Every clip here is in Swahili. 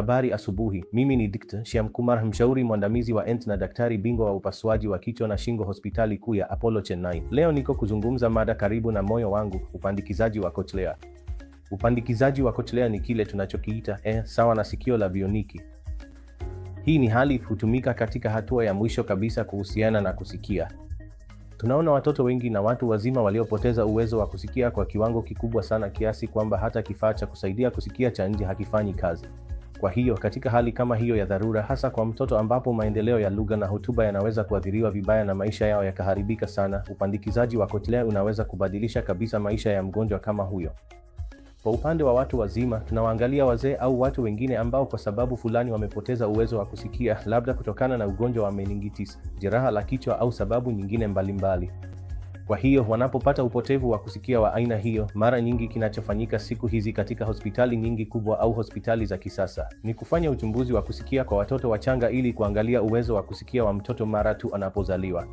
Habari asubuhi. Mimi ni Dkt. Shyam Kumar, mshauri mwandamizi wa ENT na daktari bingwa wa upasuaji wa kichwa na shingo hospitali kuu ya Apollo Chennai. Leo niko kuzungumza mada karibu na moyo wangu, upandikizaji wa koklea. Upandikizaji wa koklea ni kile tunachokiita eh, sawa na sikio la bioniki. Hii ni hali hutumika katika hatua ya mwisho kabisa kuhusiana na kusikia. Tunaona watoto wengi na watu wazima waliopoteza uwezo wa kusikia kwa kiwango kikubwa sana kiasi kwamba hata kifaa cha kusaidia kusikia cha nje hakifanyi kazi. Kwa hiyo katika hali kama hiyo ya dharura, hasa kwa mtoto ambapo maendeleo ya lugha na hotuba yanaweza kuathiriwa vibaya na maisha yao yakaharibika sana, upandikizaji wa kotlea unaweza kubadilisha kabisa maisha ya mgonjwa kama huyo. Kwa upande wa watu wazima, tunawaangalia wazee au watu wengine ambao kwa sababu fulani wamepoteza uwezo wa kusikia, labda kutokana na ugonjwa wa meningitis, jeraha la kichwa au sababu nyingine mbalimbali mbali. Kwa hiyo wanapopata upotevu wa kusikia wa aina hiyo, mara nyingi kinachofanyika siku hizi katika hospitali nyingi kubwa au hospitali za kisasa ni kufanya uchunguzi wa kusikia kwa watoto wachanga ili kuangalia uwezo wa kusikia wa mtoto mara tu anapozaliwa.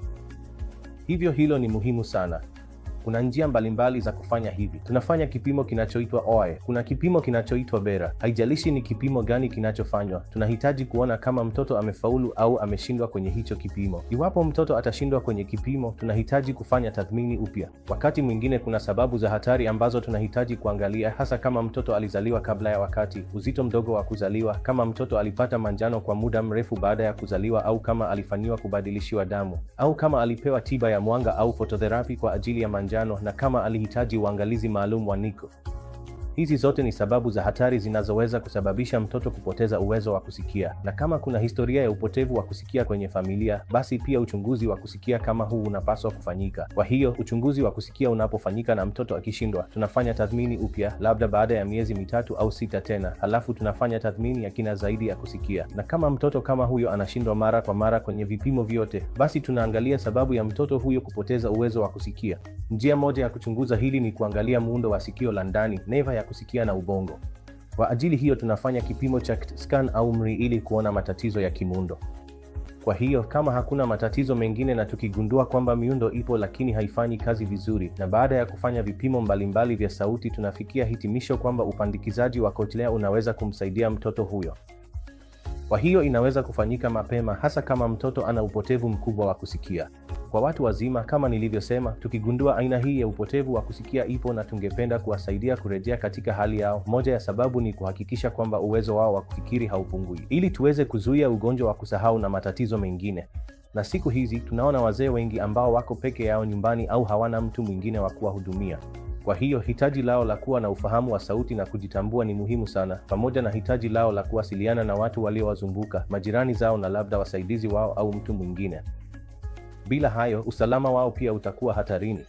Hivyo hilo ni muhimu sana. Kuna njia mbalimbali za kufanya hivi. Tunafanya kipimo kinachoitwa OI. E. Kuna kipimo kinachoitwa BERA. Haijalishi ni kipimo gani kinachofanywa, tunahitaji kuona kama mtoto amefaulu au ameshindwa kwenye hicho kipimo. Iwapo mtoto atashindwa kwenye kipimo, tunahitaji kufanya tathmini upya. Wakati mwingine kuna sababu za hatari ambazo tunahitaji kuangalia, hasa kama mtoto alizaliwa kabla ya wakati, uzito mdogo wa kuzaliwa, kama mtoto alipata manjano kwa muda mrefu baada ya kuzaliwa, au kama alifanyiwa kubadilishiwa damu, au kama alipewa tiba ya mwanga au fototherapi kwa ajili ya manjano njano na kama alihitaji uangalizi maalum wa Nico. Hizi zote ni sababu za hatari zinazoweza kusababisha mtoto kupoteza uwezo wa kusikia, na kama kuna historia ya upotevu wa kusikia kwenye familia, basi pia uchunguzi wa kusikia kama huu unapaswa kufanyika. Kwa hiyo uchunguzi wa kusikia unapofanyika na mtoto akishindwa, tunafanya tathmini upya, labda baada ya miezi mitatu au sita tena, halafu tunafanya tathmini ya kina zaidi ya kusikia, na kama mtoto kama huyo anashindwa mara kwa mara kwenye vipimo vyote, basi tunaangalia sababu ya mtoto huyo kupoteza uwezo wa kusikia. Njia moja ya kuchunguza hili ni kuangalia muundo wa sikio la ndani, neva ya kusikia na ubongo. Kwa ajili hiyo tunafanya kipimo cha scan au MRI ili kuona matatizo ya kimuundo. Kwa hiyo kama hakuna matatizo mengine na tukigundua kwamba miundo ipo lakini haifanyi kazi vizuri, na baada ya kufanya vipimo mbalimbali mbali vya sauti, tunafikia hitimisho kwamba upandikizaji wa kochlear unaweza kumsaidia mtoto huyo. Kwa hiyo inaweza kufanyika mapema, hasa kama mtoto ana upotevu mkubwa wa kusikia. Kwa watu wazima, kama nilivyosema, tukigundua aina hii ya upotevu wa kusikia ipo na tungependa kuwasaidia kurejea katika hali yao, moja ya sababu ni kuhakikisha kwamba uwezo wao wa kufikiri haupungui, ili tuweze kuzuia ugonjwa wa kusahau na matatizo mengine. Na siku hizi tunaona wazee wengi ambao wako peke yao nyumbani au hawana mtu mwingine wa kuwahudumia. Kwa hiyo hitaji lao la kuwa na ufahamu wa sauti na kujitambua ni muhimu sana, pamoja na hitaji lao la kuwasiliana na watu waliowazunguka, majirani zao na labda wasaidizi wao au mtu mwingine. Bila hayo, usalama wao pia utakuwa hatarini.